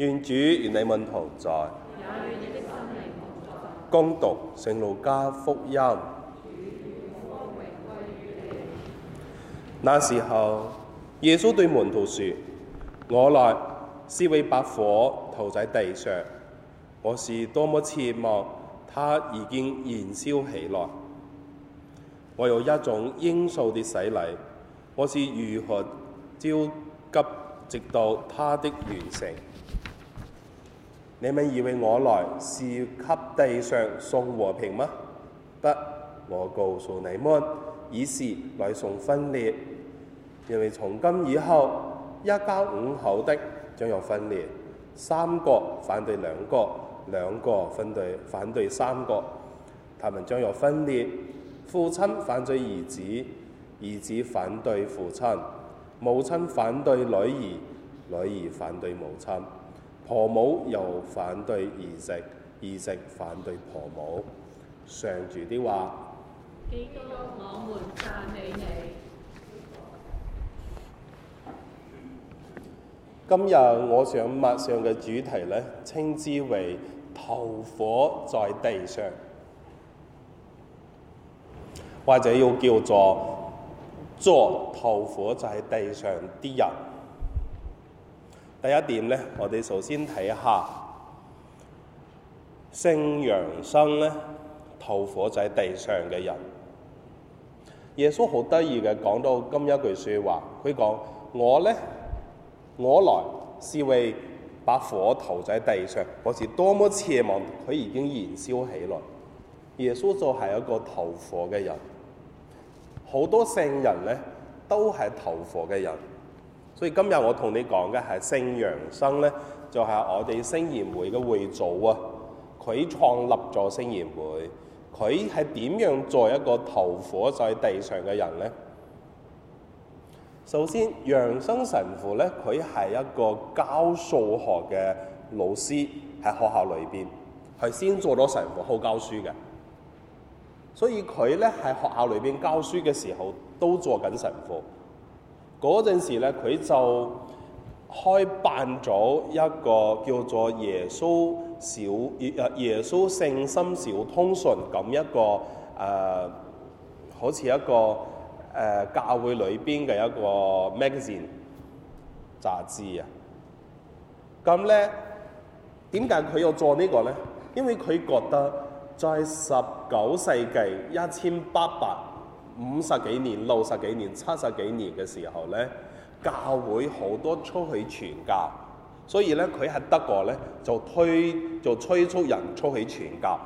願主與你們同在，恭讀《聖路加福音》。那時候，耶穌對門徒說：我來是為把火投在地上。我是多麼切望它已經燃燒起來！我有一種應受的洗禮，我是如何焦急，直到它的完成。你們以為我來是要給地上送和平嗎？不，我告訴你們，以是來送分裂。因為從今以後，一家五口的將要分裂，三個反對兩個，兩個反對反對三個，他們將要分裂。父親反對兒子，兒子反對父親；母親反對女兒，女兒反對母親。婆母又反對兒媳，兒媳反對婆母。常住啲話。幾多我們讚你？今日我想抹上嘅主題呢，稱之為「投火在地上」，或者要叫做「作投火在地上」啲人。第一點呢，我哋首先睇下聖楊生呢，投火在地上嘅人。耶穌好得意嘅講到咁一句說話，佢講我呢，我來是為把火投在地上，我是多麼奢望佢已經燃燒起來。耶穌就係一個投火嘅人，好多聖人呢都係投火嘅人。所以今日我同你講嘅係聖楊生咧，就係我哋聖言會嘅會祖啊！佢創立咗聖言會，佢係點樣做一個投火在地上嘅人呢？首先，楊生神父咧，佢係一個教數學嘅老師喺學校裏邊，係先做咗神父，好教書嘅。所以佢咧喺學校裏邊教書嘅時候，都做緊神父。嗰陣時咧，佢就開辦咗一個叫做《耶穌小耶耶穌聖心小通訊》咁一個誒、呃，好似一個誒、呃、教會裏邊嘅一個 magazine 雜誌啊。咁咧，點解佢要做個呢個咧？因為佢覺得在十九世紀一千八百五十幾年、六十幾年、七十幾年嘅時候咧，教會好多出去傳教，所以咧，佢喺德國咧就推就催促人出去傳教。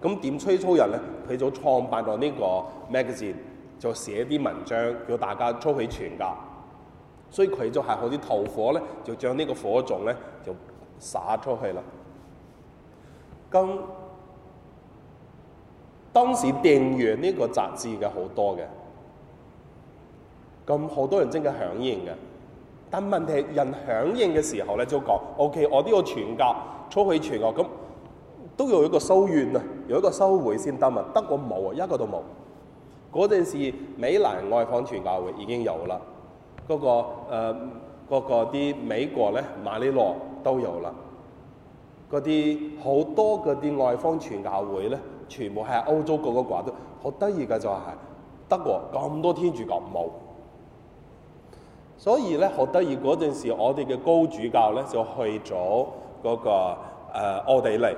咁點催促人咧？佢就創辦咗呢個 magazine，就寫啲文章叫大家出去傳教。所以佢就係好似投火咧，就將呢個火種咧就灑出去啦。咁。當時訂閱呢個雜誌嘅好多嘅，咁好多人真嘅響應嘅，但問題係人響應嘅時候咧，就講 OK，我呢個傳教出去傳教，咁都要一個修院啊，有一個修會先得嘛，得個冇啊，一個都冇。嗰陣時，美蘭外方傳教會已經有啦，嗰、嗰個誒，啲、呃嗰個、美國咧，瑪利諾都有啦，嗰啲好多嗰啲外方傳教會咧。全部係歐洲各個國，都好得意嘅，就係德國咁多天主教冇，所以咧，好得意嗰陣時，我哋嘅高主教咧就去咗嗰、那個誒、呃、奧地利，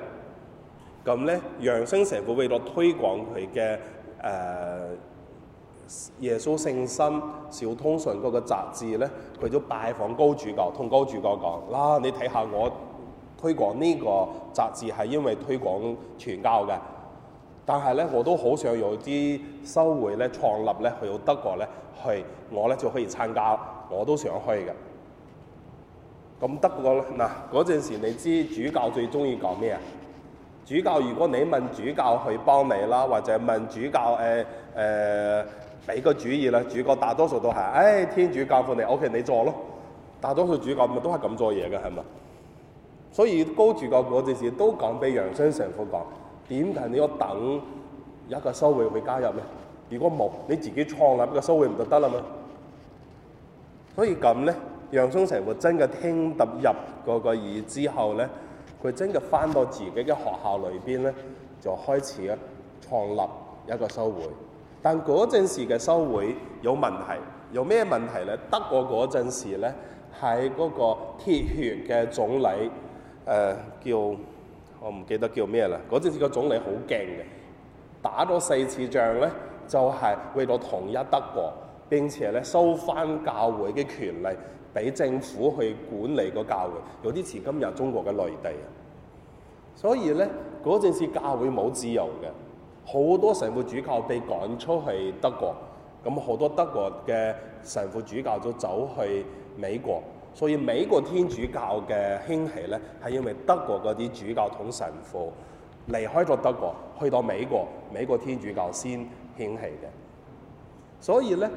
咁咧楊生神父為咗推廣佢嘅誒耶穌聖心小通訊嗰個雜誌咧，佢都拜訪高主教，同高主教講啦，啊，你睇下我推廣呢個雜誌係因為推廣傳教嘅。但係咧，我都好想有啲修會咧創立咧去到德國咧去，我咧就可以參加，我都想去嘅。咁德國嗱嗰陣時，你知主教最中意講咩啊？主教如果你問主教去幫你啦，或者問主教誒誒俾個主意啦，主教大多數都係，誒、哎、天主教訓你，O、OK, K 你做咯。大多數主教咪都係咁做嘢嘅，係咪？所以高主教嗰陣時都講俾楊生神父講。點解你要等一個修會去加入咧？如果冇，你自己創立一個修會唔就得啦嘛？所以咁咧，楊松成活真嘅聽得入嗰個耳之後咧，佢真嘅翻到自己嘅學校裏邊咧，就開始啊創立一個修會。但嗰陣時嘅修會有問題，有咩問題咧？得過嗰陣時咧，喺嗰個鐵血嘅總理誒叫。我唔記得叫咩啦，嗰陣時個總理好勁嘅，打咗四次仗呢，就係、是、為咗統一德國，並且呢收返教會嘅權力俾政府去管理個教會，有啲似今日中國嘅內地啊。所以呢，嗰陣時教會冇自由嘅，好多神父主教被趕出去德國，咁好多德國嘅神父主教都走去美國。所以美國天主教嘅興起咧，係因為德國嗰啲主教同神父離開咗德國，去到美國，美國天主教先興起嘅。所以咧，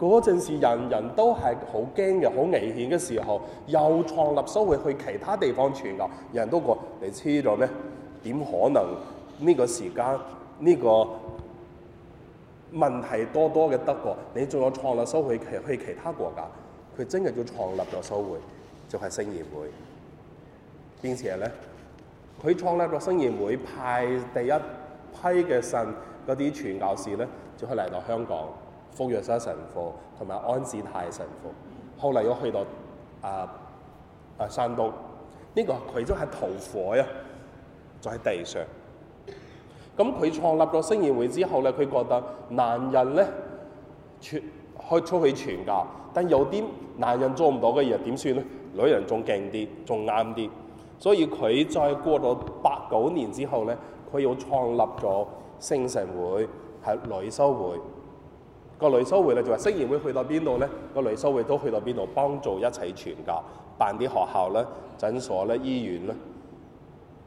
嗰陣時人人都係好驚嘅，好危險嘅時候，又創立修會去其他地方傳教，人都覺你黐咗咩？點可能呢個時間呢個問題多多嘅德國，你仲有創立修會去去其他國家？佢真係要創立個修會，就係聖言會。並且咧，佢創立個聖言會派第一批嘅神嗰啲傳教士咧，就係嚟到香港，福若山神父同埋安治泰神父。後嚟又去到啊啊山東，呢、這個佢都係投火呀，喺、就是、地上。咁佢創立個聖言會之後咧，佢覺得男人咧，全開出去傳教，但有啲男人做唔到嘅嘢點算咧？女人仲勁啲，仲啱啲，所以佢再過咗八九年之後咧，佢又創立咗聖神會，係女修會。個女修會咧就話，聖言會去到邊度咧，個女修會都去到邊度幫助一齊傳教，辦啲學校咧、診所咧、醫院咧。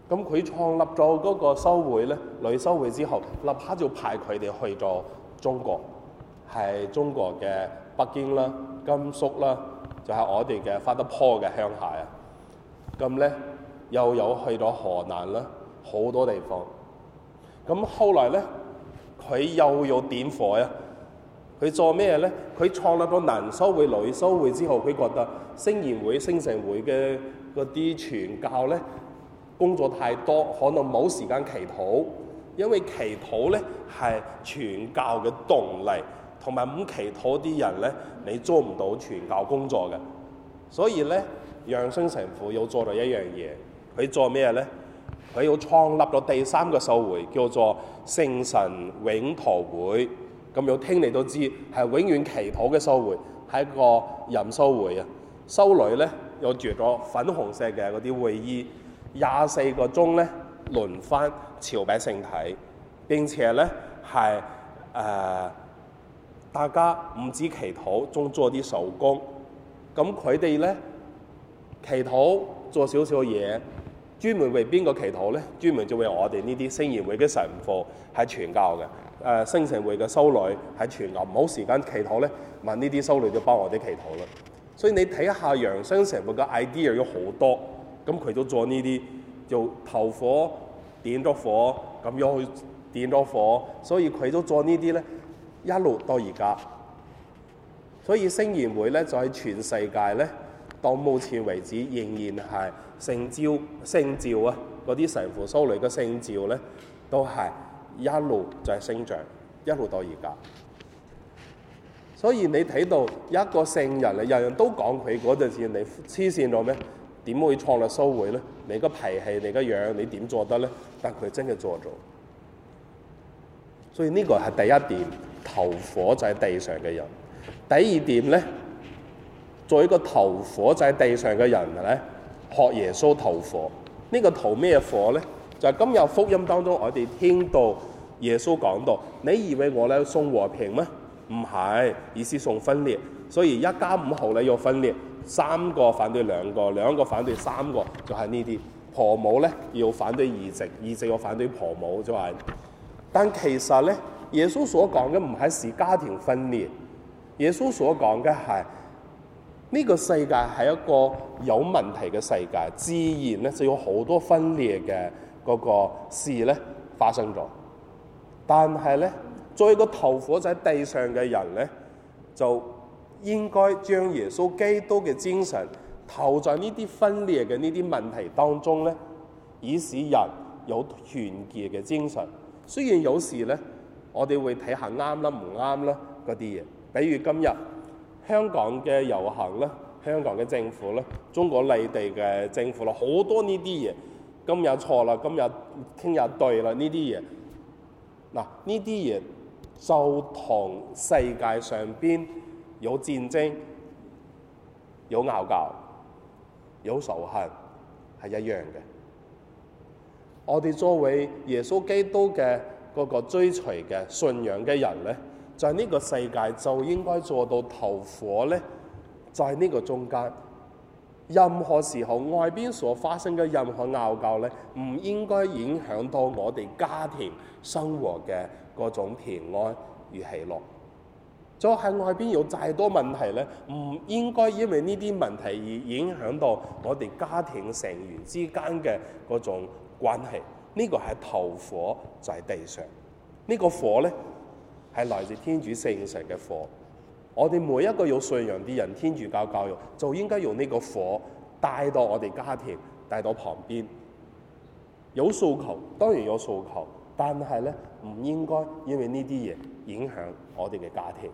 咁佢創立咗嗰個修會咧，女修會之後，立刻就派佢哋去咗中國。係中國嘅北京啦、甘肅啦，就係、是、我哋嘅發得坡嘅鄉下啊！咁咧又有去咗河南啦，好多地方。咁後來咧，佢又有點火呀？佢做咩咧？佢創立咗男修會、女修會之後，佢覺得聖言會、聖神會嘅嗰啲傳教咧工作太多，可能冇時間祈禱，因為祈禱咧係傳教嘅動力。同埋五祈禱啲人咧，你做唔到傳教工作嘅，所以咧，楊生神，神父要做到一樣嘢，佢做咩咧？佢要創立咗第三個修會，叫做聖神永禱會。咁、嗯、有聽你都知係永遠祈禱嘅修會，係一個任修會啊。修女咧有住個粉紅色嘅嗰啲會衣，廿四個鐘咧輪翻朝拜聖體，並且咧係誒。大家唔止祈禱，仲做啲手工。咁佢哋咧祈禱做少少嘢，專門為邊個祈禱咧？專門就為，為我哋呢啲聖賢會嘅神父係傳教嘅，誒聖神會嘅修女係傳教，唔好時間祈禱咧，問呢啲修女就幫我哋祈禱啦。所以你睇下楊生成會嘅 idea 有好多，咁佢都做呢啲，就投火點咗火，咁去點咗火，火，所以佢都做呢啲咧。一路到而家，所以聖言會咧，就在全世界咧，到目前為止仍然係聖召聖召啊！嗰啲神父、修女嘅聖召咧，都係一路就係生長，一路到而家。所以你睇到一個聖人啊，人人都講佢嗰陣時，你黐線咗咩？點會創立修會咧？你個脾氣，你個樣，你點做得咧？但佢真係做咗。所以呢個係第一點。投火就係地上嘅人。第二點呢，做一個投火就係地上嘅人咧，學耶穌投火。呢、這個投咩火呢？就係、是、今日福音當中，我哋聽到耶穌講到：你以為我咧送和平咩？唔係，意思送分裂。所以一家五口咧要分裂，三個反對兩個，兩個反對三個，就係呢啲。婆母呢，要反對兒媳，兒媳要反對婆母，就係、是。但其實呢。耶穌所講嘅唔係是家庭分裂，耶穌所講嘅係呢個世界係一個有問題嘅世界，自然咧就有好多分裂嘅嗰個事咧發生咗。但係咧，作為一個投火在地上嘅人咧，就應該將耶穌基督嘅精神投在呢啲分裂嘅呢啲問題當中咧，以使人有團結嘅精神。雖然有時咧。我哋會睇下啱啦唔啱啦嗰啲嘢，比如今日香港嘅遊行啦，香港嘅政府啦，中國內地嘅政府啦，好多呢啲嘢，今日錯啦，今日聽日對啦，呢啲嘢，嗱，呢啲嘢就同世界上邊有戰爭、有拗撬、有仇恨係一樣嘅。我哋作為耶穌基督嘅個個追隨嘅信仰嘅人呢，在呢個世界就應該做到投火呢就喺呢個中間。任何時候外邊所發生嘅任何拗撬呢，唔應該影響到我哋家庭生活嘅嗰種平安與喜樂。就喺外邊有再多問題呢，唔應該因為呢啲問題而影響到我哋家庭成員之間嘅嗰種關係。呢、這個係投火，就係、是、地上呢、這個火咧，係來自天主聖神嘅火。我哋每一個有信仰啲人，天主教教育就應該用呢個火帶到我哋家庭，帶到旁邊有訴求。當然有訴求，但係咧唔應該因為呢啲嘢影響我哋嘅家庭。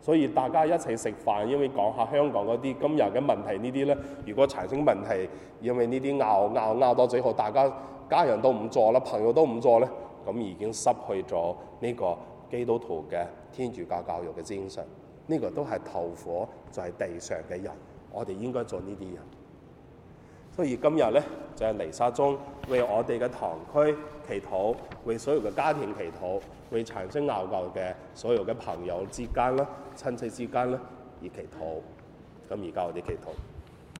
所以大家一齊食飯，因為講下香港嗰啲今日嘅問題呢啲咧，如果產生問題，因為呢啲拗拗拗到最後，大家。家人都唔做啦，朋友都唔做咧，咁已經失去咗呢個基督徒嘅天主教教育嘅精神。呢、這個都係投火，就係、是、地上嘅人，我哋應該做呢啲人。所以今日咧，就係、是、彌撒中為我哋嘅堂區祈禱，為所有嘅家庭祈禱，為產生拗撬嘅所有嘅朋友之間啦、親戚之間咧而祈禱。咁而家我哋祈禱。